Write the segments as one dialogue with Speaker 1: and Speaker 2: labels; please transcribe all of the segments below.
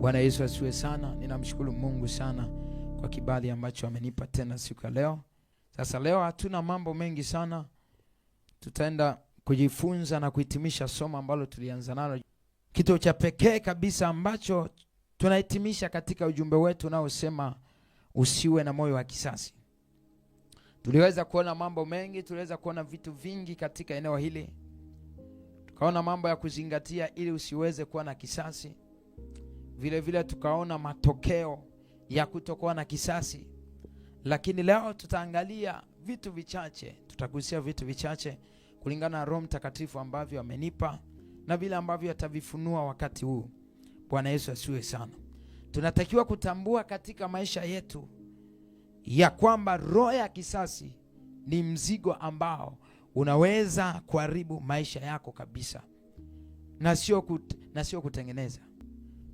Speaker 1: Bwana Yesu asiwe sana. Ninamshukuru Mungu sana kwa kibali ambacho amenipa tena siku ya leo. Sasa leo hatuna mambo mengi sana, tutaenda kujifunza na kuhitimisha somo ambalo tulianza nalo, kitu cha pekee kabisa ambacho tunahitimisha katika ujumbe wetu unaosema usiwe na moyo wa kisasi. Tuliweza kuona mambo mengi, tuliweza kuona vitu vingi katika eneo hili, tukaona mambo ya kuzingatia ili usiweze kuwa na kisasi vile vile tukaona matokeo ya kutokuwa na kisasi, lakini leo tutaangalia vitu vichache, tutagusia vitu vichache kulingana na Roho Mtakatifu ambavyo amenipa na vile ambavyo atavifunua wakati huu. Bwana Yesu asiwe sana. Tunatakiwa kutambua katika maisha yetu ya kwamba roho ya kisasi ni mzigo ambao unaweza kuharibu maisha yako kabisa na sio kut, na sio kutengeneza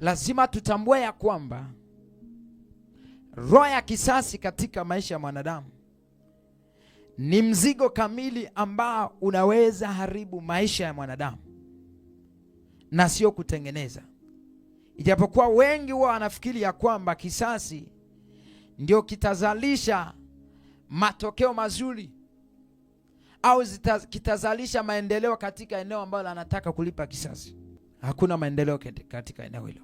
Speaker 1: lazima tutambue ya kwamba roho ya kisasi katika maisha ya mwanadamu ni mzigo kamili ambao unaweza haribu maisha ya mwanadamu na sio kutengeneza. Ijapokuwa wengi huwa wanafikiri ya kwamba kisasi ndio kitazalisha matokeo mazuri au kitazalisha maendeleo katika eneo ambalo anataka kulipa kisasi. Hakuna maendeleo katika eneo hilo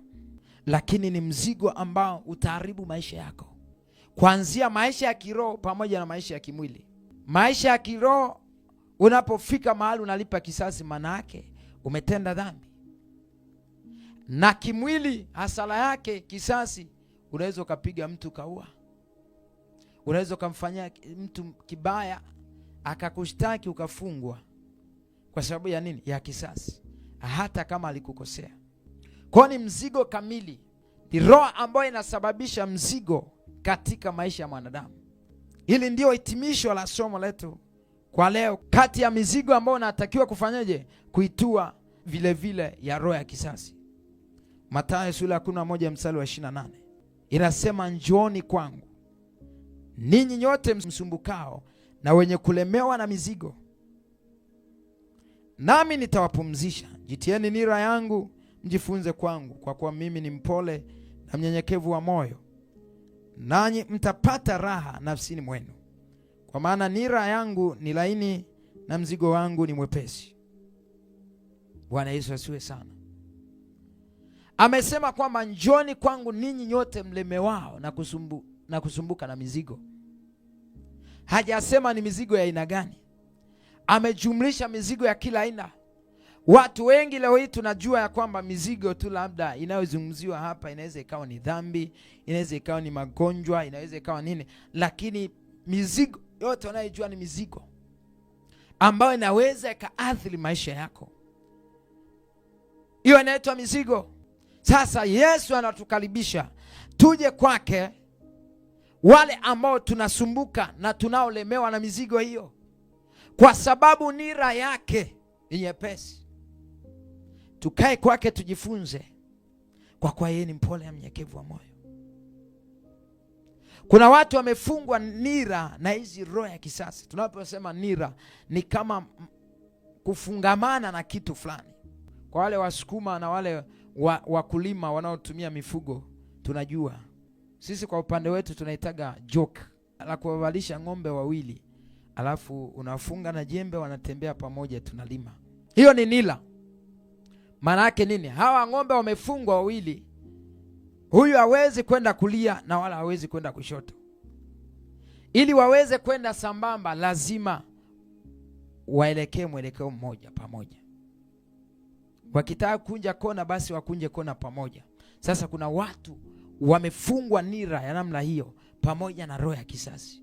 Speaker 1: lakini ni mzigo ambao utaharibu maisha yako, kuanzia maisha ya kiroho pamoja na maisha ya kimwili. Maisha ya kiroho, unapofika mahali unalipa kisasi, maana yake umetenda dhambi, na kimwili, hasara yake kisasi, unaweza ukapiga mtu kaua, unaweza ukamfanyia mtu kibaya akakushtaki ukafungwa. Kwa sababu ya nini? Ya kisasi, hata kama alikukosea. Kwa ni mzigo kamili, ni roho ambayo inasababisha mzigo katika maisha ya mwanadamu. Hili ndio hitimisho la somo letu kwa leo, kati ya mizigo ambayo unatakiwa kufanyaje kuitua vilevile vile ya roho ya kisasi. Mathayo sura ya 11 mstari wa 28 inasema, njooni kwangu ninyi nyote msumbukao na wenye kulemewa na mizigo, nami nitawapumzisha. Jitieni nira yangu mjifunze kwangu, kwa kuwa mimi ni mpole na mnyenyekevu wa moyo, nanyi mtapata raha nafsini mwenu, kwa maana nira yangu ni laini na mzigo wangu ni mwepesi. Bwana Yesu asiwe sana. Amesema kwamba njoni kwangu ninyi nyote mlemewao na, kusumbu, na kusumbuka na mizigo. Hajasema ni mizigo ya aina gani, amejumlisha mizigo ya kila aina. Watu wengi leo hii tunajua ya kwamba mizigo tu labda inayozungumziwa hapa inaweza ikawa ni dhambi, inaweza ikawa ni magonjwa, inaweza ikawa nini, lakini mizigo yote wanayojua ni mizigo ambayo inaweza ikaathiri maisha yako, hiyo inaitwa mizigo. Sasa Yesu anatukaribisha tuje kwake, wale ambao tunasumbuka na tunaolemewa na mizigo hiyo, kwa sababu nira yake ni nyepesi. Tukae kwake tujifunze, kwa kuwa yeye ni mpole na mnyenyekevu wa moyo. Kuna watu wamefungwa nira na hizi roho ya kisasi. Tunaposema nira ni kama kufungamana na kitu fulani. Kwa wale Wasukuma na wale wakulima wa wanaotumia mifugo, tunajua sisi kwa upande wetu tunaitaga joke la kuwavalisha ng'ombe wawili alafu unafunga na jembe, wanatembea pamoja, tunalima. Hiyo ni nira. Maana yake nini? Hawa ng'ombe wamefungwa wawili, huyu hawezi kwenda kulia na wala hawezi kwenda kushoto. Ili waweze kwenda sambamba, lazima waelekee mwelekeo mmoja pamoja. Wakitaka kunja kona, basi wakunje kona pamoja. Sasa kuna watu wamefungwa nira ya namna hiyo, pamoja na roho ya kisasi,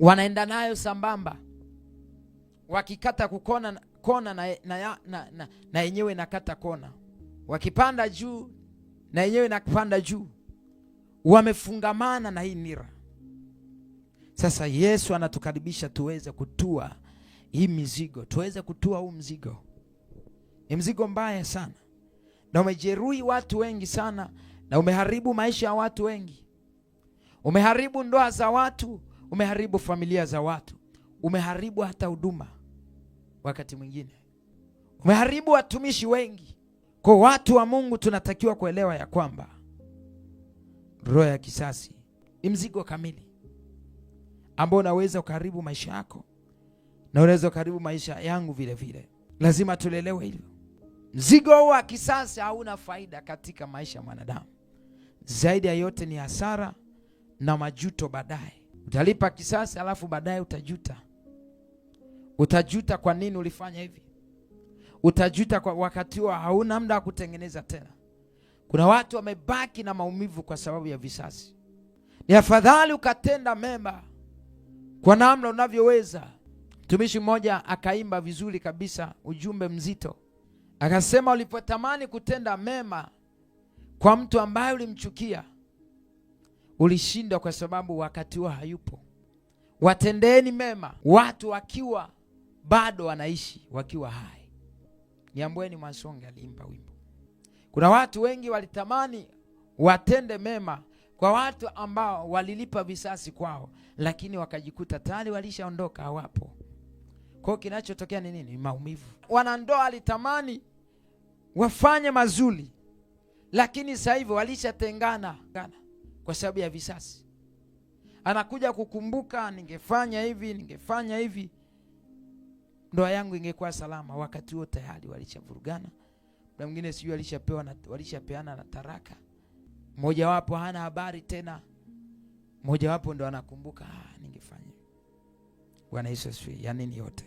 Speaker 1: wanaenda nayo sambamba, wakikata kukona kona na yenyewe na, na, na nakata kona, wakipanda juu na yenyewe nakupanda juu, wamefungamana na hii nira. Sasa Yesu anatukaribisha tuweze kutua hii mizigo, tuweze kutua huu mzigo. Ni mzigo mbaya sana, na umejeruhi watu wengi sana, na umeharibu maisha ya watu wengi, umeharibu ndoa za watu, umeharibu familia za watu, umeharibu hata huduma wakati mwingine umeharibu watumishi wengi. Kwa watu wa Mungu tunatakiwa kuelewa ya kwamba roho ya kisasi ni mzigo kamili ambao unaweza ukaharibu maisha yako na unaweza ukaharibu maisha yangu vile vile. Lazima tulelewe hilo. Mzigo huu wa kisasi hauna faida katika maisha ya mwanadamu, zaidi ya yote ni hasara na majuto baadaye. Utalipa kisasi alafu baadaye utajuta. Utajuta kwa nini ulifanya hivi. Utajuta kwa wakati huo, hauna muda wa kutengeneza tena. Kuna watu wamebaki na maumivu kwa sababu ya visasi. Ni afadhali ukatenda mema kwa namna unavyoweza. Mtumishi mmoja akaimba vizuri kabisa, ujumbe mzito, akasema, ulipotamani kutenda mema kwa mtu ambaye ulimchukia ulishindwa, kwa sababu wakati huo hayupo. Watendeni mema watu wakiwa bado wanaishi wakiwa hai. Niambweni Mwansonge aliimba wimbo. Kuna watu wengi walitamani watende mema kwa watu ambao walilipa visasi kwao, lakini wakajikuta tayari walishaondoka, hawapo. Kwa hiyo kinachotokea ni nini? Maumivu. Wanandoa walitamani wafanye mazuri, lakini sasa hivi walishatengana kwa sababu ya visasi. Anakuja kukumbuka, ningefanya hivi, ningefanya hivi ndoa yangu ingekuwa salama. Wakati huo tayari walishavurugana, na mwingine sijui walishapewa na walishapeana na taraka, mmojawapo hana habari tena, mmojawapo ndo anakumbuka ah, ningefanya. Bwana Yesu asifiwe. Ya nini yote?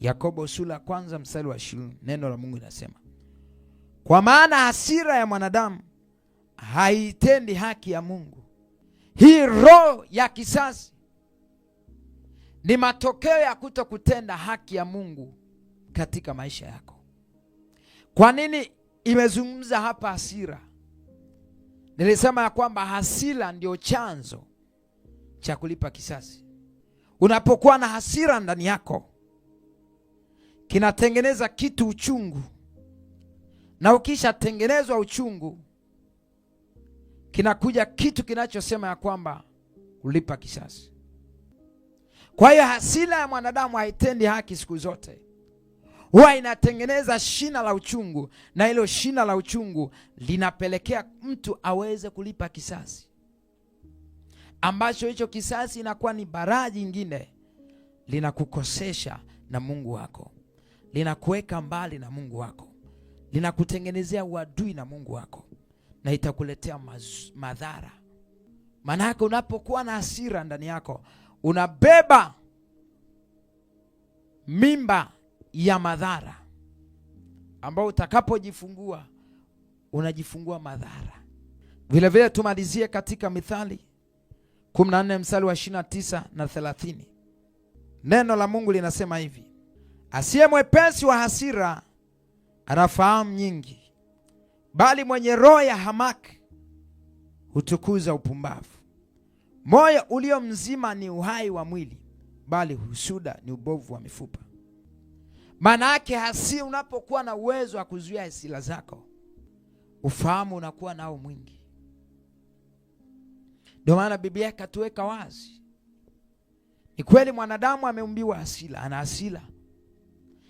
Speaker 1: Yakobo sura kwanza mstari wa ishirini neno la Mungu linasema kwa maana hasira ya mwanadamu haitendi haki ya Mungu. Hii roho ya kisasi ni matokeo ya kuto kutenda haki ya Mungu katika maisha yako. Kwa nini imezungumza hapa hasira? Nilisema ya kwamba hasira ndio chanzo cha kulipa kisasi. Unapokuwa na hasira ndani yako, kinatengeneza kitu uchungu, na ukishatengenezwa uchungu, kinakuja kitu kinachosema ya kwamba kulipa kisasi. Kwa hiyo hasira ya mwanadamu haitendi haki siku zote, huwa inatengeneza shina la uchungu, na hilo shina la uchungu linapelekea mtu aweze kulipa kisasi ambacho hicho kisasi inakuwa ni baraa jingine linakukosesha na Mungu wako, linakuweka mbali na Mungu wako, linakutengenezea uadui na Mungu wako, na itakuletea madhara. Maana yake unapokuwa na hasira ndani yako unabeba mimba ya madhara ambao utakapojifungua unajifungua madhara. Vilevile tumalizie katika Mithali 14 msali wa 29 na 30. Neno la Mungu linasema hivi, asiye mwepesi wa hasira anafahamu nyingi, bali mwenye roho ya hamaki hutukuza upumbavu. Moyo ulio mzima ni uhai wa mwili, bali husuda ni ubovu wa mifupa. Maana yake hasi, unapokuwa na uwezo wa kuzuia hasira zako, ufahamu unakuwa nao mwingi. Ndio maana Biblia ikatuweka wazi, ni kweli mwanadamu ameumbiwa hasira, ana hasira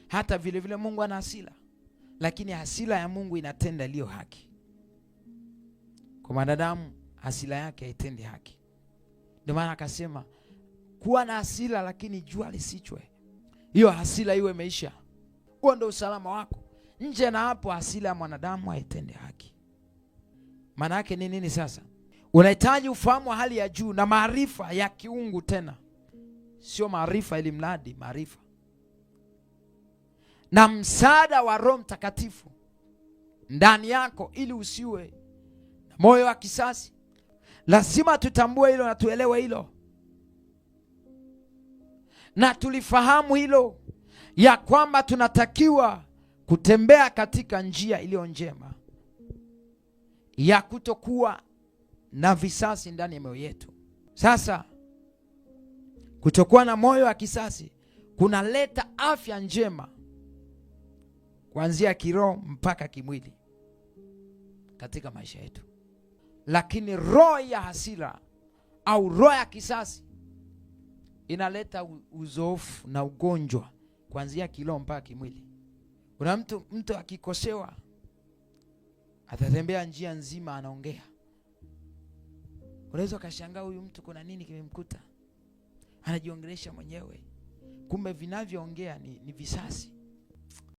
Speaker 1: hata vile vile Mungu ana hasira, lakini hasira ya Mungu inatenda iliyo haki. Kwa mwanadamu hasira yake haitendi haki. Ndio maana akasema kuwa na hasira, lakini jua lisichwe. Hiyo hasira iwe imeisha. Huo ndio usalama wako. Nje na hapo, hasira ya mwanadamu haitende haki. Maana yake ni nini? Sasa unahitaji ufahamu wa hali ya juu na maarifa ya kiungu, tena sio maarifa ili mradi, maarifa na msaada wa Roho Mtakatifu ndani yako, ili usiwe na moyo wa kisasi Lazima tutambue hilo na tuelewe hilo na tulifahamu hilo ya kwamba tunatakiwa kutembea katika njia iliyo njema ya kutokuwa na visasi ndani ya mioyo yetu. Sasa kutokuwa na moyo wa kisasi kunaleta afya njema kuanzia kiroho mpaka kimwili katika maisha yetu. Lakini roho ya hasira au roho ya kisasi inaleta uzoofu na ugonjwa kuanzia kilo mpaka kimwili. Kuna mtu mtu akikosewa atatembea njia nzima anaongea, unaweza ukashangaa huyu mtu kuna nini kimemkuta, anajiongelesha mwenyewe, kumbe vinavyoongea ni, ni visasi